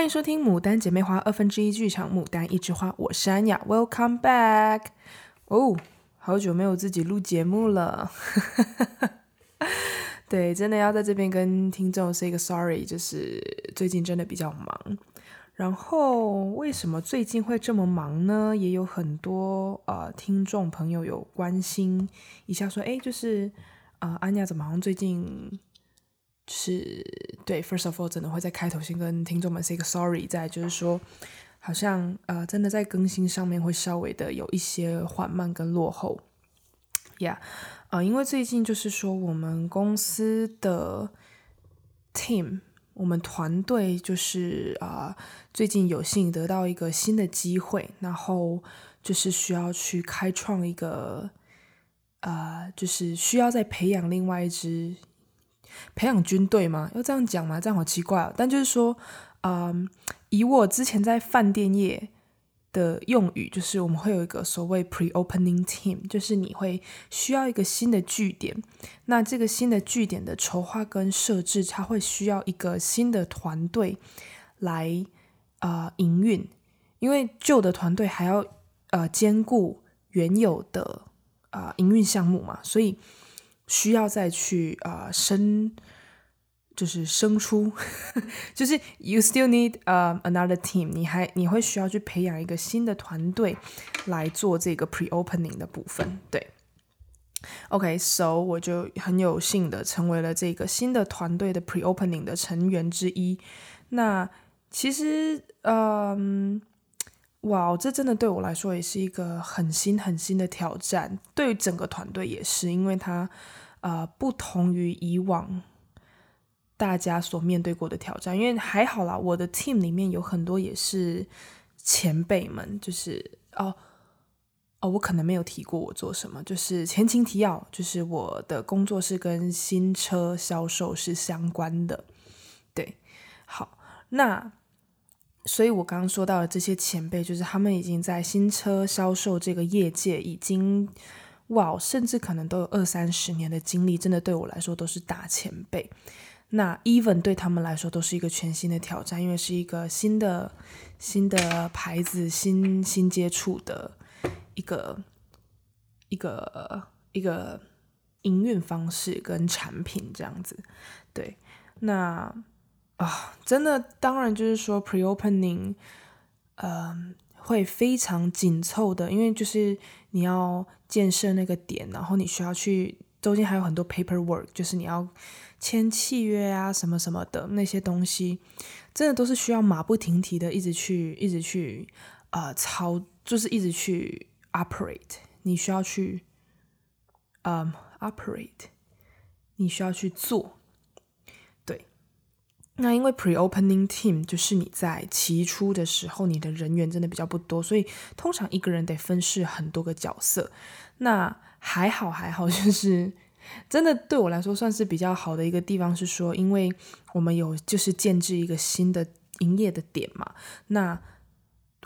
歡迎收聽《母單姊妹花》二分之一劇場，《母單一枝花》，我是安雅，Welcome back！哦、oh，好久沒有自己錄節目了， 對，真的要在這邊跟聽眾說一個 sorry，就是最近真的比較忙。然後為什麼最近會這麼忙呢？也有很多呃聽眾朋友有關心一下，說，哎，就是啊、呃，安雅怎麼好像最近？是對，first of all，真的會在開頭先跟聽眾們 say 個 sorry，在就是說，好像呃，真的在更新上面會稍微的有一些緩慢跟落後，呀，啊，因為最近就是說我們公司的 team，我們團隊就是啊、呃，最近有幸得到一個新的機會，然後就是需要去開創一個，啊、呃，就是需要再培養另外一支。培養軍隊嗎？要這樣講嗎？這樣好奇怪哦。但就是說，嗯、呃，以我之前在飯店業的用語，就是我們會有一個所謂 pre-opening team，就是你會需要一個新的據點，那這個新的據點的籌劃跟設置，它會需要一個新的團隊來啊、呃、營運，因為舊的團隊還要呃兼顧原有的啊、呃、營運項目嘛，所以。需要再去啊，生就是生出，就是、 就是、you still need、um, another team，你還你會需要去培養一個新的團隊來做這個 pre opening 的部分。對，OK，so、okay, 我就很有幸的成為了這個新的團隊的 pre opening 的成員之一。那其實，嗯。哇哦，這真的對我來說也是一個很新很新的挑戰，對於整個團隊也是，因為它，呃，不同於以往大家所面對過的挑戰。因為還好啦，我的 team 裡面有很多也是前輩們，就是哦哦，我可能沒有提過我做什麼，就是前情提要，就是我的工作是跟新車銷售是相關的，對，好，那。所以，我剛剛說到的這些前輩，就是他們已經在新車銷售這個業界已經哇，甚至可能都有二三十年的經歷，真的對我來說都是大前輩。那 even 對他們來說都是一個全新的挑戰，因為是一個新的新的牌子，新新接觸的一個一個一個營運方式跟產品這樣子，對，那。啊，oh, 真的，當然就是說 pre-opening，嗯、呃，會非常緊湊的，因為就是你要建設那個點，然後你需要去，中間還有很多 paperwork，就是你要簽契約啊，什麼什麼的那些東西，真的都是需要馬不停蹄的，一直去，一直去，呃，操，就是一直去 operate，你需要去，嗯、呃，operate，你需要去做。那因為 pre-opening team 就是你在起初的時候，你的人員真的比較不多，所以通常一個人得分飾很多個角色。那還好還好，就是真的對我來說算是比較好的一個地方是說，因為我們有就是建置一個新的營業的點嘛。那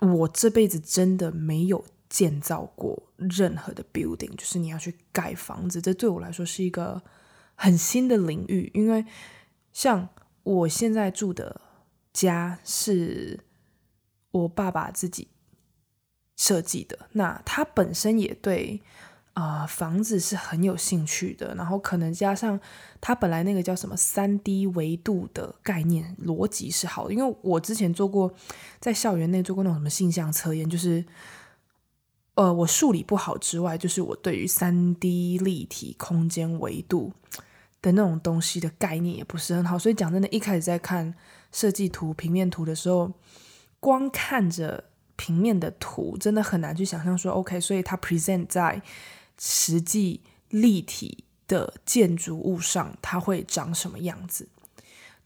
我這輩子真的沒有建造過任何的 building，就是你要去蓋房子，這對我來說是一個很新的領域，因為像。我現在住的家是我爸爸自己設計的。那他本身也對啊、呃、房子是很有興趣的。然後可能加上他本來那個叫什麼三 D 維度的概念邏輯是好的，因為我之前做過在校園內做過那種什麼性向測驗，就是呃我數理不好之外，就是我對於三 D 立體空間維度。的那種東西的概念也不是很好，所以講真的，一開始在看設計圖、平面圖的時候，光看着平面的圖，真的很難去想象說，OK，所以它 present 在實際立體的建築物上，它會長什麼樣子。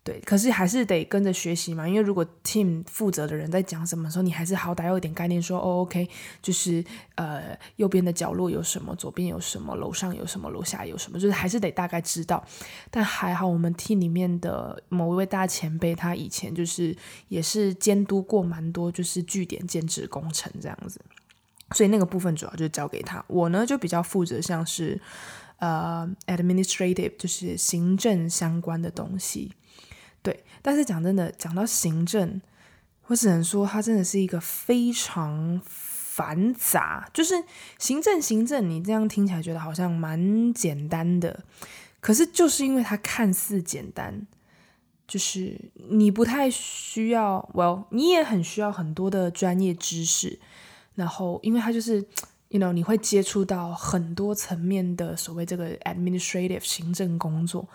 對，可是還是得跟着學習嘛，因為如果 team 負責的人在講什麼的時候，你還是好歹要有點概念說，說哦，OK，就是呃，右邊的角落有什麼，左邊有什麼，樓上有什麼，樓下有什麼，就是還是得大概知道。但還好，我們 team 裡面的某一位大前輩，他以前就是也是監督過蠻多，就是據點建置工程這樣子，所以那個部分主要就交給他。我呢，就比較負責像是呃 administrative，就是行政相關的東西。對，但是講真的，講到行政，我只能說它真的是一個非常繁雜。就是行政，行政，你這樣聽起來覺得好像蠻簡單的，可是就是因為它看似簡單，就是你不太需要，well，你也很需要很多的專業知識。然後，因為它就是，you know，你會接觸到很多層面的所謂這個 administrative 行政工作，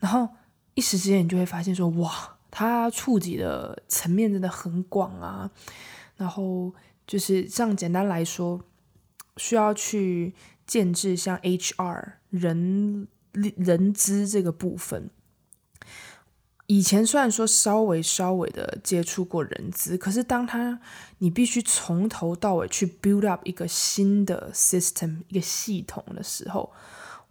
然後。一時之間，你就會發現說，哇，它觸及的層面真的很廣啊。然後就是像簡單來說，需要去建置，像 HR 人、人資這個部分。以前雖然說稍微稍微的接觸過人資，可是當它你必須從頭到尾去 build up 一個新的 system 一個系統的時候。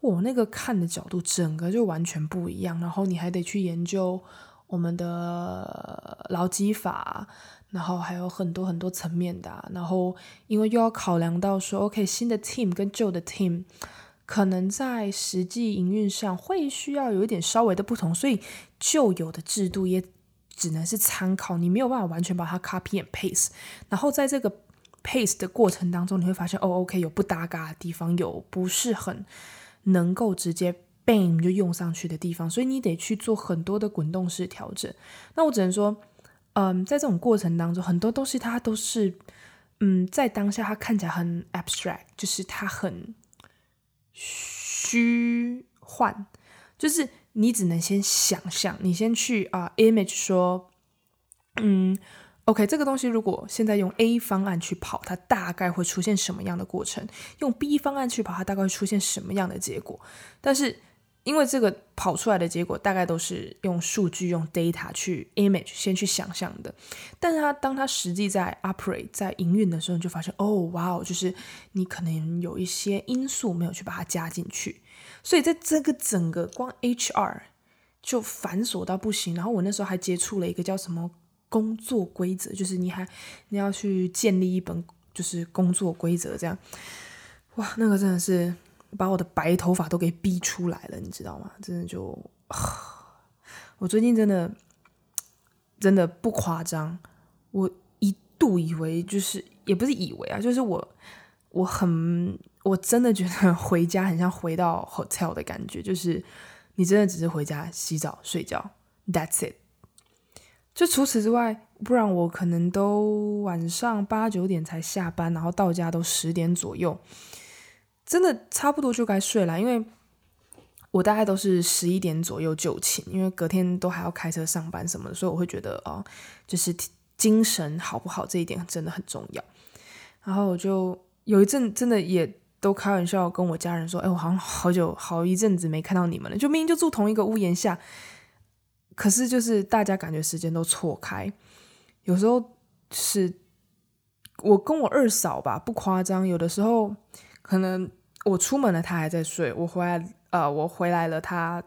我、哦、那個看的角度，整個就完全不一樣。然後你還得去研究我們的勞基法，然後還有很多很多層面的、啊。然後因為又要考量到說，OK，新的 team 跟舊的 team 可能在實際營運上會需要有一點稍微的不同，所以舊有的制度也只能是參考，你沒有辦法完全把它 copy and paste。然後在這個 paste 的過程當中，你會發現，哦，OK，有不搭嘎的地方，有不是很。能夠直接 bam 就用上去的地方，所以你得去做很多的滾動式調整。那我只能說，嗯，在這種過程當中，很多東西它都是，嗯，在當下它看起來很 abstract，就是它很虛幻，就是你只能先想象，你先去啊、uh, image 說，嗯。OK，這個東西如果現在用 A 方案去跑，它大概會出現什麼樣的過程？用 B 方案去跑，它大概會出現什麼樣的結果？但是因為這個跑出來的結果大概都是用數據、用 data 去 image 先去想象的，但是它當它實際在 operate 在營運的時候，你就發現哦，哇哦，就是你可能有一些因素沒有去把它加進去，所以在這個整個光 HR 就繁瑣到不行。然後我那時候還接觸了一個叫什麼？工作規則就是你還你要去建立一本就是工作規則這樣，哇，那個真的是把我的白頭髮都給逼出來了，你知道嗎？真的就，唉，我最近真的真的不誇張，我一度以為就是也不是以為啊，就是我我很我真的覺得回家很像回到 hotel 的感覺，就是你真的只是回家洗澡睡覺，that's it。就除此之外，不然我可能都晚上八九點才下班，然後到家都十點左右，真的差不多就該睡了。因為我大概都是十一點左右就寢，因為隔天都還要開車上班什麼的，所以我會覺得哦，就是精神好不好這一點真的很重要。然後我就有一陣真的也都開玩笑跟我家人說：“哎、欸，我好像好久好一陣子沒看到你們了，就明明就住同一個屋檐下。”可是，就是大家感覺時間都錯開，有時候是，我跟我二嫂吧，不誇張，有的時候可能我出門了，她還在睡；我回來，啊、呃，我回來了，她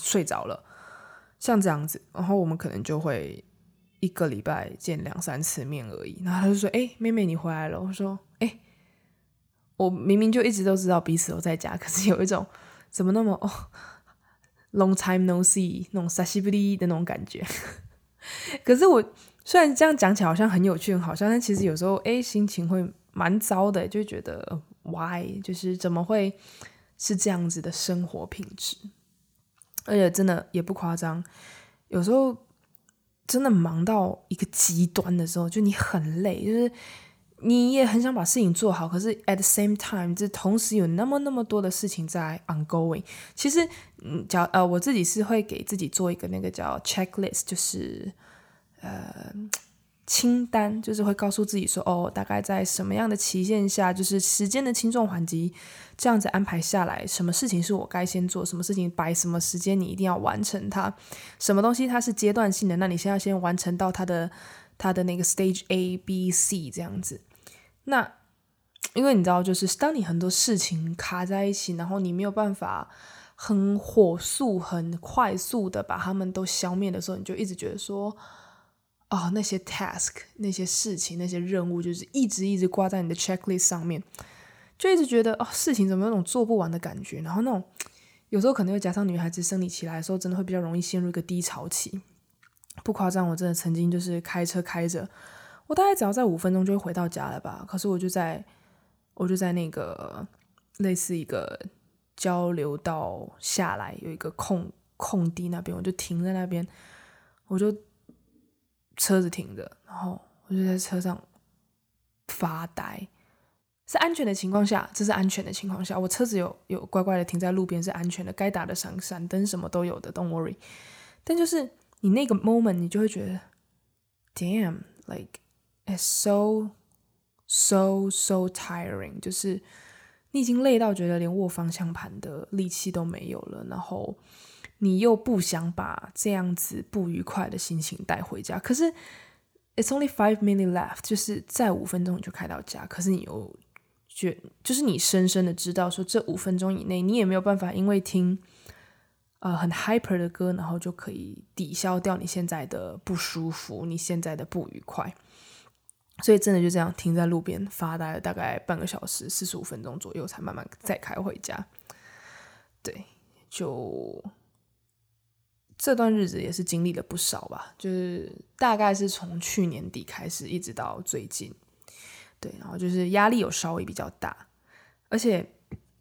睡着了，像這樣子，然後我們可能就會一個禮拜見兩三次面而已。然後他就說：“哎、欸，妹妹，你回來了。”我說：“哎、欸，我明明就一直都知道彼此都在家，可是有一種怎麼那麼……哦。” Long time no see，那種啥西不 y 的那種感覺。 可是我雖然這樣講起來好像很有趣、很好笑，但其實有時候哎，心情會蠻糟的，就覺得 why，就是怎麼會是這樣子的生活品質？而且真的也不誇張，有時候真的忙到一個極端的時候，就你很累，就是。你也很想把事情做好，可是 at the same time，這同時有那麼那麼多的事情在 ongoing。其實，嗯，叫呃，我自己是會給自己做一個那個叫 checklist，就是呃清單，就是會告訴自己說，哦，大概在什麼樣的期限下，就是時間的輕重緩急，這樣子安排下來，什麼事情是我該先做，什麼事情擺，什麼時間你一定要完成它，什麼東西它是階段性的，那你先要先完成到它的它的那個 stage A B C 這樣子。那，因為你知道，就是當你很多事情卡在一起，然後你沒有辦法很火速、很快速的把他們都消滅的時候，你就一直覺得說，哦，那些 task、那些事情、那些任務，就是一直一直掛在你的 checklist 上面，就一直覺得哦，事情怎麼有種做不完的感覺？然後那種有時候可能又加上女孩子生理期來的時候，真的會比較容易陷入一個低潮期。不誇張，我真的曾經就是開車開着。我大概只要在五分鐘就會回到家了吧？可是我就在，我就在那個類似一個交流道下來，有一個空空地那邊，我就停在那邊，我就車子停着，然後我就在車上發呆。是安全的情況下，這是安全的情況下，我車子有有乖乖的停在路邊，是安全的，該打的閃閃燈什麼都有的，don't worry。但就是你那個 moment，你就會覺得，damn，like。Damn, like, It's so, so, so tiring. 就是你已經累到覺得連握方向盤的力氣都沒有了，然後你又不想把這樣子不愉快的心情帶回家。可是，it's only five minutes left. 就是再五分鐘你就開到家。可是你又覺，就是你深深的知道，說這五分鐘以內，你也沒有辦法，因為聽呃很 hyper 的歌，然後就可以抵消掉你現在的不舒服，你現在的不愉快。所以真的就這樣停在路邊發呆了，大概半個小時四十五分鐘左右，才慢慢再開回家。對，就這段日子也是經歷了不少吧，就是大概是從去年底開始一直到最近，對，然後就是壓力有稍微比較大，而且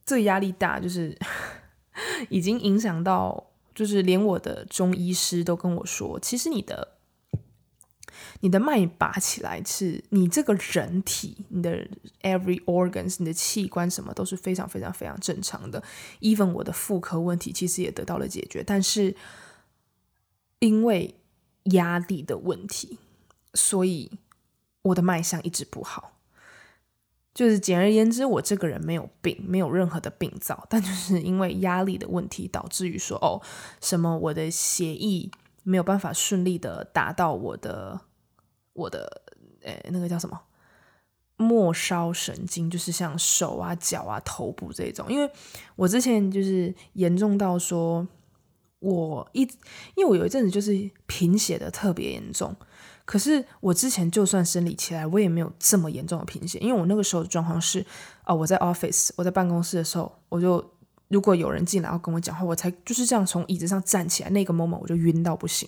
這壓力大就是 已經影響到，就是連我的中醫師都跟我說，其實你的。你的脈拔起來是，你這個人體，你的 every organs，你的器官什麼都是非常非常非常正常的。Even 我的婦科問題其實也得到了解決，但是因為壓力的問題，所以我的脈象一直不好。就是簡而言之，我這個人沒有病，沒有任何的病灶，但就是因為壓力的問題，導致於說，哦，什麼我的血液沒有辦法順利的達到我的。我的呃，那個叫什麼末梢神經，就是像手啊、腳啊、頭部這種。因為我之前就是嚴重到說，我一因為我有一陣子就是貧血的特別嚴重。可是我之前就算生理期來，我也沒有這麼嚴重的貧血。因為我那個時候的狀況是啊、哦，我在 office，我在辦公室的時候，我就如果有人進來要跟我講話，我才就是這樣從椅子上站起來那個 moment，我就暈到不行。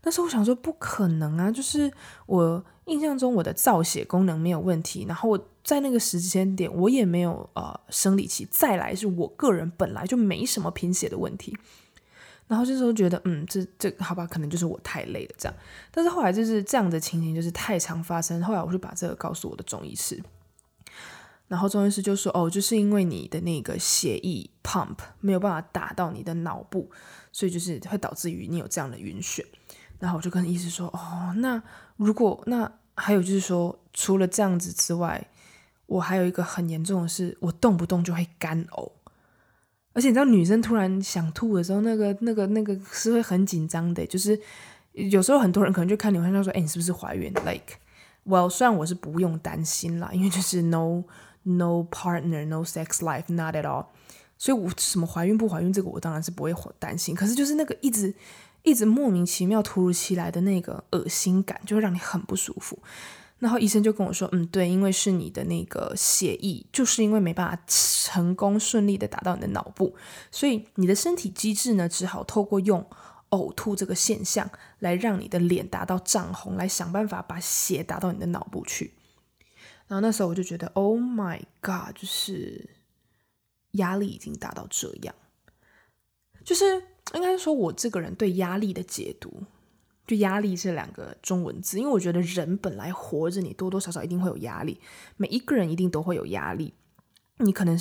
但是我想說，不可能啊！就是我印象中我的造血功能沒有問題，然後我在那個時間點，我也沒有呃生理期，再來，是我個人本來就沒什麼貧血的問題。然後這時候覺得，嗯，這這好吧，可能就是我太累了這樣。但是後來就是這樣的情形就是太常發生，後來我就把這個告訴我的中醫師，然後中醫師就說，哦，就是因為你的那個血液 pump 沒有辦法打到你的腦部，所以就是會導致於你有這樣的暈眩。然後我就跟醫生說：“哦，那如果那還有就是說，除了這樣子之外，我還有一個很嚴重的事，我動不動就會乾嘔。而且你知道，女生突然想吐的時候，那個、那個、那個是會很緊張的。就是有時候很多人可能就看你，會想說：‘哎、欸，你是不是懷孕？’Like，well，雖然我是不用擔心啦，因為就是 no no partner，no sex life，not at all。所以，我什麼懷孕不懷孕這個，我當然是不會擔心。可是就是那個一直。”一直莫名其妙，突如其來的那個噁心感，就會讓你很不舒服。然後醫生就跟我說：“嗯，對，因為是你的那個血液，就是因為沒辦法成功順利的打到你的腦部，所以你的身體機制呢，只好透過用嘔吐這個現象來讓你的臉達到漲紅，來想辦法把血打到你的腦部去。”然後那時候我就覺得，“Oh my God！” 就是壓力已經達到這樣，就是。應該是說，我這個人對壓力的解讀，就“壓力”這兩個中文字，因為我覺得人本來活着你，你多多少少一定會有壓力。每一個人一定都會有壓力。你可能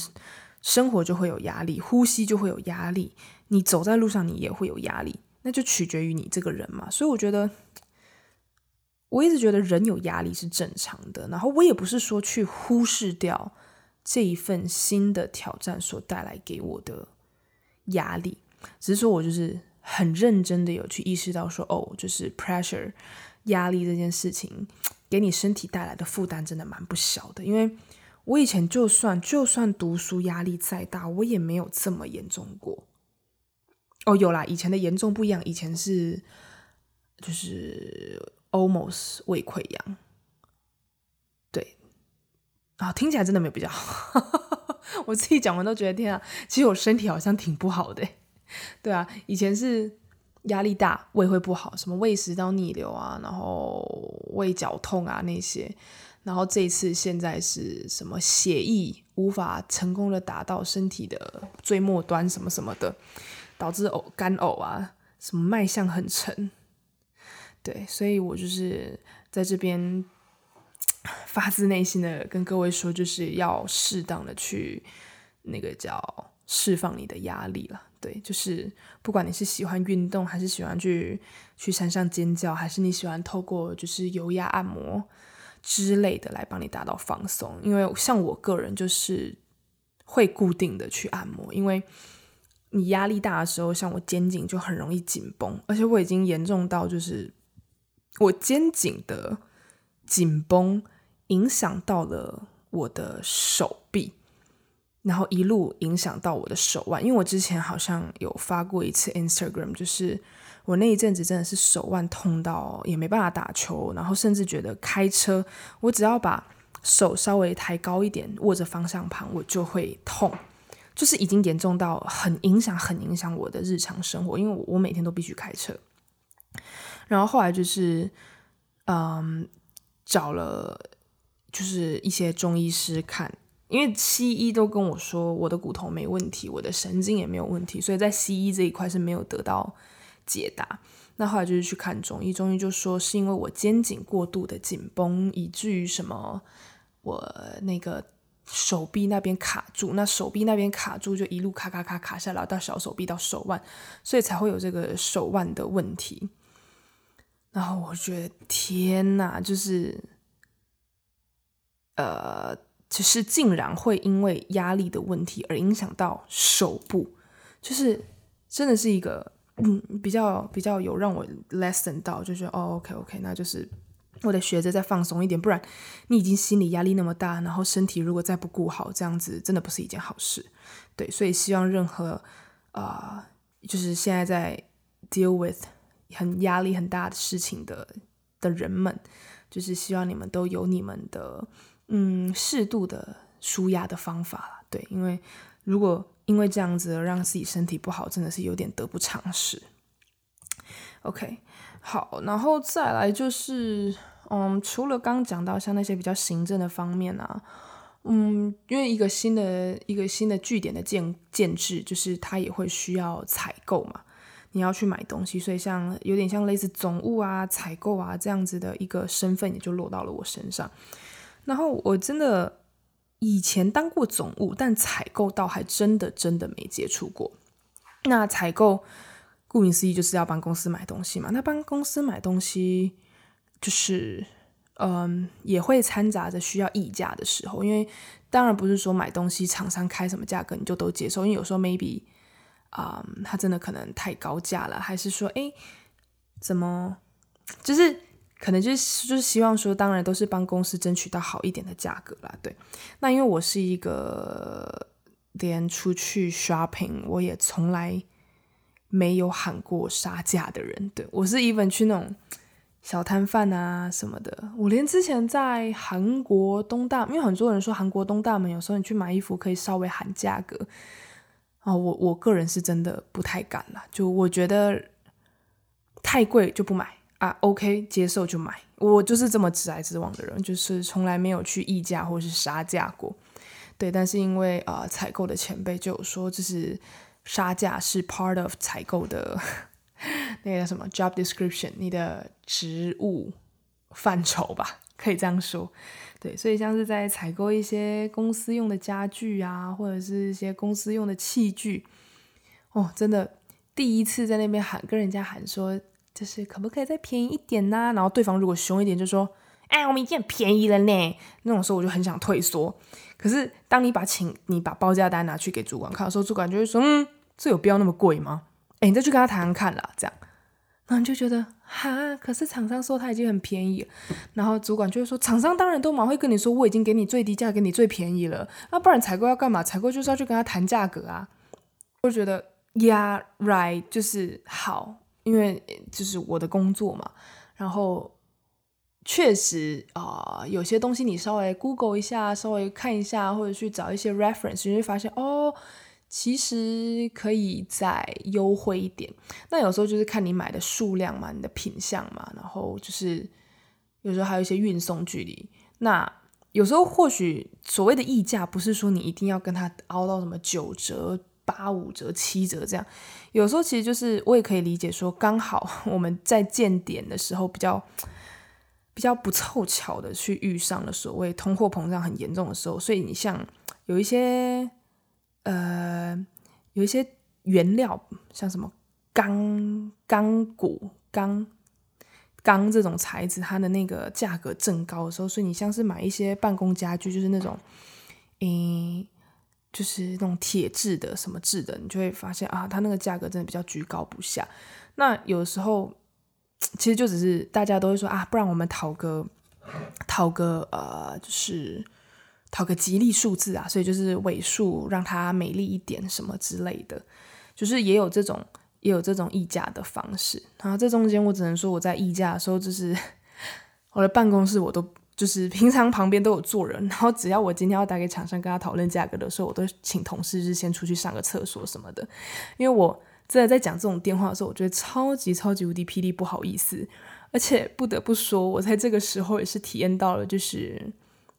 生活就會有壓力，呼吸就會有壓力，你走在路上你也會有壓力。那就取決於你這個人嘛。所以我覺得，我一直覺得人有壓力是正常的。然後我也不是說去忽視掉這一份新的挑戰所帶來給我的壓力。只是說，我就是很認真的有去意識到說，說哦，就是 pressure 壓力這件事情，給你身體帶來的負擔真的蠻不小的。因為我以前就算就算讀書壓力再大，我也沒有這麼嚴重過。哦，有啦，以前的嚴重不一樣，以前是就是 almost 胃潰瘍。對啊、哦，聽起來真的沒比較好。 我自己講完都覺得天啊，其實我身體好像挺不好的。對啊，以前是壓力大，胃會不好，什麼胃食道逆流啊，然後胃絞痛啊那些，然後這一次現在是什麼血液無法成功的達到身體的最末端什麼什麼的，導致嘔乾嘔啊，什麼脈象很沉，對，所以我就是在這邊發自內心的跟各位說，就是要適當的去那個叫。釋放你的壓力了，對，就是不管你是喜歡運動，還是喜歡去去山上尖叫，還是你喜歡透過就是油壓按摩之類的來幫你達到放鬆。因為像我個人就是會固定的去按摩，因為你壓力大的時候，像我肩頸就很容易緊繃，而且我已經嚴重到就是我肩頸的緊繃影響到了我的手臂。然後一路影響到我的手腕，因為我之前好像有發過一次 Instagram，就是我那一陣子真的是手腕痛到也沒辦法打球，然後甚至覺得開車，我只要把手稍微抬高一點，握着方向盤我就會痛，就是已經嚴重到很影響、很影響我的日常生活，因為我每天都必須開車。然後後來就是，嗯，找了就是一些中醫師看。因為西醫都跟我說我的骨頭沒問題，我的神經也沒有問題，所以在西醫這一塊是沒有得到解答。那後來就是去看中醫，中醫就說是因為我肩頸過度的緊繃，以至於什麼，我那個手臂那邊卡住，那手臂那邊卡住就一路卡卡卡卡下來到小手臂到手腕，所以才會有這個手腕的問題。然後我覺得天吶，就是呃。其實竟然會因為壓力的問題而影響到手部，就是真的是一個嗯，比較比較有讓我 lesson 到，就是哦 OK OK，那就是我得學着再放鬆一點，不然你已經心理壓力那麼大，然後身體如果再不顧好，這樣子真的不是一件好事。對，所以希望任何啊、呃，就是現在在 deal with 很壓力很大的事情的的人們，就是希望你們都有你們的。嗯，適度的舒壓的方法啦，對，因為如果因為這樣子而讓自己身體不好，真的是有點得不償失。OK，好，然後再來就是，嗯，除了剛講到像那些比較行政的方面啊，嗯，因為一個新的一個新的據點的建建制，就是它也會需要採購嘛，你要去買東西，所以像有點像類似總務啊、採購啊這樣子的一個身份，也就落到了我身上。然後我真的以前當過總務，但採購倒還真的真的沒接觸過。那採購，顧名思義就是要幫公司買東西嘛。那幫公司買東西，就是嗯，也會摻雜着需要議價的時候，因為當然不是說買東西廠商開什麼價格你就都接受，因為有時候 maybe 啊、嗯，他真的可能太高價了，還是說哎，怎麼就是？可能就是就是希望說，當然都是幫公司爭取到好一點的價格啦。對，那因為我是一個連出去 shopping 我也從來沒有喊過殺價的人，對我是 even 去那種小攤販啊什麼的，我連之前在韓國東大，因為很多人說韓國東大門有時候你去買衣服可以稍微喊價格，啊，我我個人是真的不太敢啦，就我覺得太貴就不買。啊，OK，接受就買，我就是這麼直來直往的人，就是從來沒有去議價或是殺價過，對。但是因為呃，採購的前輩就有說，這是殺價是 part of 採購的那個什麼 job description，你的職務範疇吧，可以這樣說。對，所以像是在採購一些公司用的家具啊，或者是一些公司用的器具，哦，真的第一次在那邊喊，跟人家喊說。就是可不可以再便宜一點吶、啊？然後對方如果凶一點，就說：“哎，我們已經很便宜了呢。”那種時候我就很想退縮。可是當你把請你把報價單拿去給主管看的時候，主管就會說：“嗯，這有必要那麼貴嗎？”哎，你再去跟他談看看啦，這樣。那你就覺得哈，可是廠商說他已經很便宜了。然後主管就會說：“廠商當然都蠻會跟你說，我已經給你最低價，給你最便宜了。那、啊、不然採購要幹嘛？採購就是要去跟他談價格啊。”我就覺得，Yeah，right，就是好。因為就是我的工作嘛，然後確實啊、呃，有些東西你稍微 Google 一下，稍微看一下，或者去找一些 reference，你會發現哦，其實可以再優惠一點。那有時候就是看你買的數量嘛，你的品項嘛，然後就是有時候還有一些運送距離。那有時候或許所謂的溢價，不是說你一定要跟他凹到什麼九折。八五折、七折這樣，有時候其實就是我也可以理解說，剛好我們在見點的時候比較比較不湊巧的去遇上了所謂通貨膨脹很嚴重的時候，所以你像有一些呃，有一些原料像什麼鋼、鋼骨、鋼鋼這種材質，它的那個價格正高的時候，所以你像是買一些辦公家具，就是那種嗯。欸就是那種鐵質的、什麼質的，你就會發現啊，它那個價格真的比較居高不下。那有時候其實就只是大家都會說啊，不然我們討個討個呃，就是討個吉利數字啊，所以就是尾數讓它美麗一點什麼之類的，就是也有這種也有這種議價的方式。然後這中間我只能說，我在議價的時候，就是我的辦公室我都。就是平常旁邊都有坐人，然後只要我今天要打給廠商跟他討論價格的時候，我都請同事就先出去上個廁所什麼的，因為我真的在講這種電話的時候，我覺得超級超級無敵霹靂，不好意思，而且不得不說，我在這個時候也是體驗到了，就是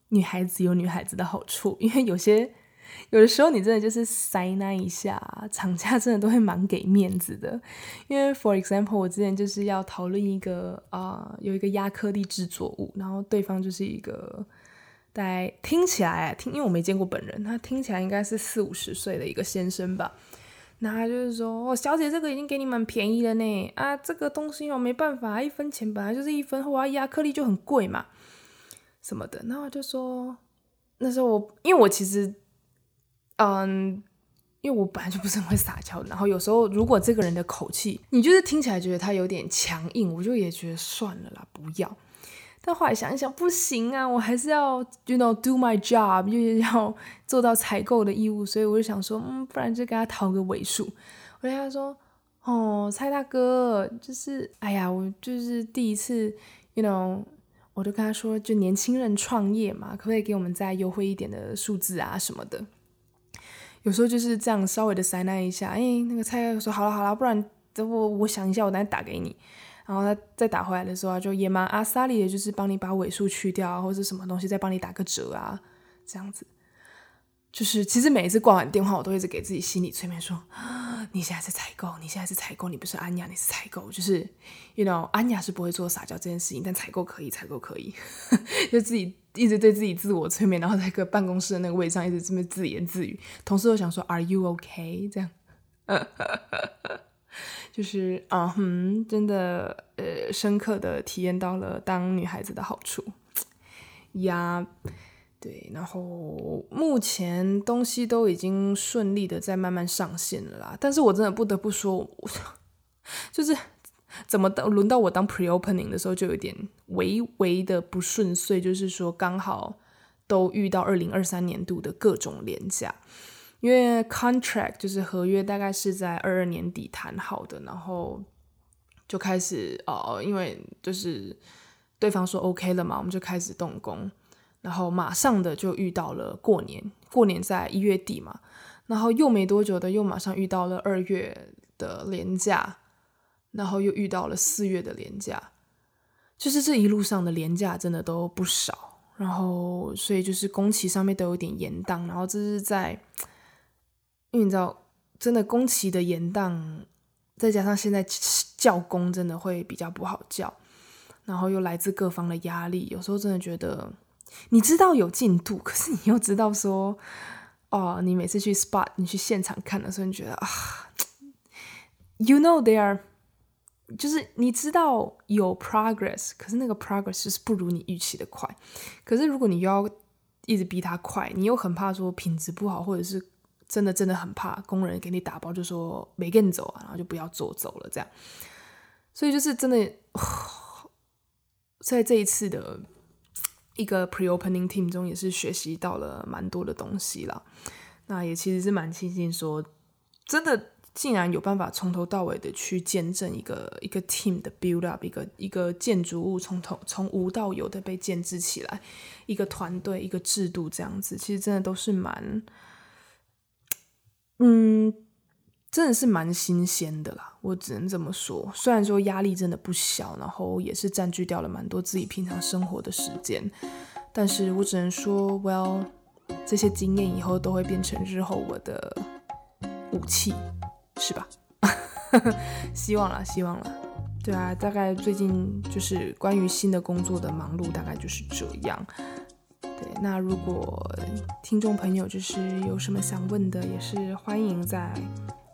女孩子有女孩子的好處，因為有些。有的時候你真的就是塞那一下，廠家真的都會蠻給面子的。因為，for example，我之前就是要討論一個啊、呃，有一個壓克力製作物，然後對方就是一個大概聽起來聽，因為我沒見過本人，他聽起來應該是四五十歲的一個先生吧。那他就是說：“哦，小姐，這個已經給你們便宜了呢。啊，這個東西我沒辦法，一分錢本來就是一分貨啊，壓克力就很貴嘛，什麼的。”那我就說，那時候我因為我其實。嗯，um, 因為我本來就不是很會撒嬌，然後有時候如果這個人的口氣，你就是聽起來覺得他有點強硬，我就也覺得算了啦，不要。但後來想一想，不行啊，我還是要，you know，do my job，就是要做到採購的義務，所以我就想說，嗯，不然就給他討個尾數。我跟他說，哦，蔡大哥，就是，哎呀，我就是第一次，you know，我就跟他說，就年輕人創業嘛，可不可以給我們再優惠一點的數字啊什麼的？有時候就是這樣稍微的塞納一下，哎、欸，那個菜說，好了好了，不然這，我我想一下，我等下打給你。然後他再打回來的時候、啊，就也蠻阿莎力，也就是幫你把尾數去掉、啊，或者是什麼東西，再幫你打個折啊，這樣子。就是其實每一次掛完電話，我都一直給自己心理催眠說：“啊，你現在是採購，你現在是採購，你不是安雅，你是採購。”就是，you know，安雅是不會做撒嬌這件事情，但採購可以，採購可以。 就自己一直對自己自我催眠，然後在一個辦公室的那個位置上一直這麼自言自語。同事都想說：“Are you OK？” 這樣， 就是啊，嗯，真的，呃，深刻的體驗到了當女孩子的好處呀。Yeah. 對，然後目前東西都已經順利的在慢慢上線了啦。但是我真的不得不說，就是怎麼等輪到我當 pre-opening 的時候就有一點微微的不順遂，就是說剛好都遇到二零二三年度的各種廉價，因為 contract 就是合約大概是在二二年底談好的，然後就開始哦，因為就是對方說 OK 了嘛，我們就開始動工。然後馬上的就遇到了過年，過年在一月底嘛，然後又沒多久的又馬上遇到了二月的連假，然後又遇到了四月的連假，就是這一路上的連假真的都不少，然後所以就是工期上面都有點延宕，然後這是在，因為你知道，真的工期的延宕，再加上現在叫工真的會比較不好叫，然後又來自各方的壓力，有時候真的覺得。你知道有進度，可是你又知道說，哦，你每次去 SPA，你去現場看的時候，所以你覺得啊，You know they are，就是你知道有 progress，可是那個 progress 就是不如你預期的快。可是如果你又要一直逼他快，你又很怕說品質不好，或者是真的真的很怕工人給你打包就說沒跟走啊，然後就不要做走，走了這樣。所以就是真的，呃，在這一次的。一個 pre-opening team 中也是學習到了蠻多的東西啦，那也其實是蠻慶幸，說真的，竟然有辦法從頭到尾的去見證一個一個 team 的 build up，一個一個建築物從頭從無到有的被建製起來，一個團隊一個制度這樣子，其實真的都是蠻，嗯。真的是蠻新鮮的啦，我只能這麼說。雖然說壓力真的不小，然後也是佔據掉了蠻多自己平常生活的時間，但是我只能說，well，這些經驗以後都會變成日後我的武器，是吧？ 希望啦，希望啦。對啊，大概最近就是關於新的工作的忙碌，大概就是這樣。對，那如果聽眾朋友就是有什麼想問的，也是歡迎在。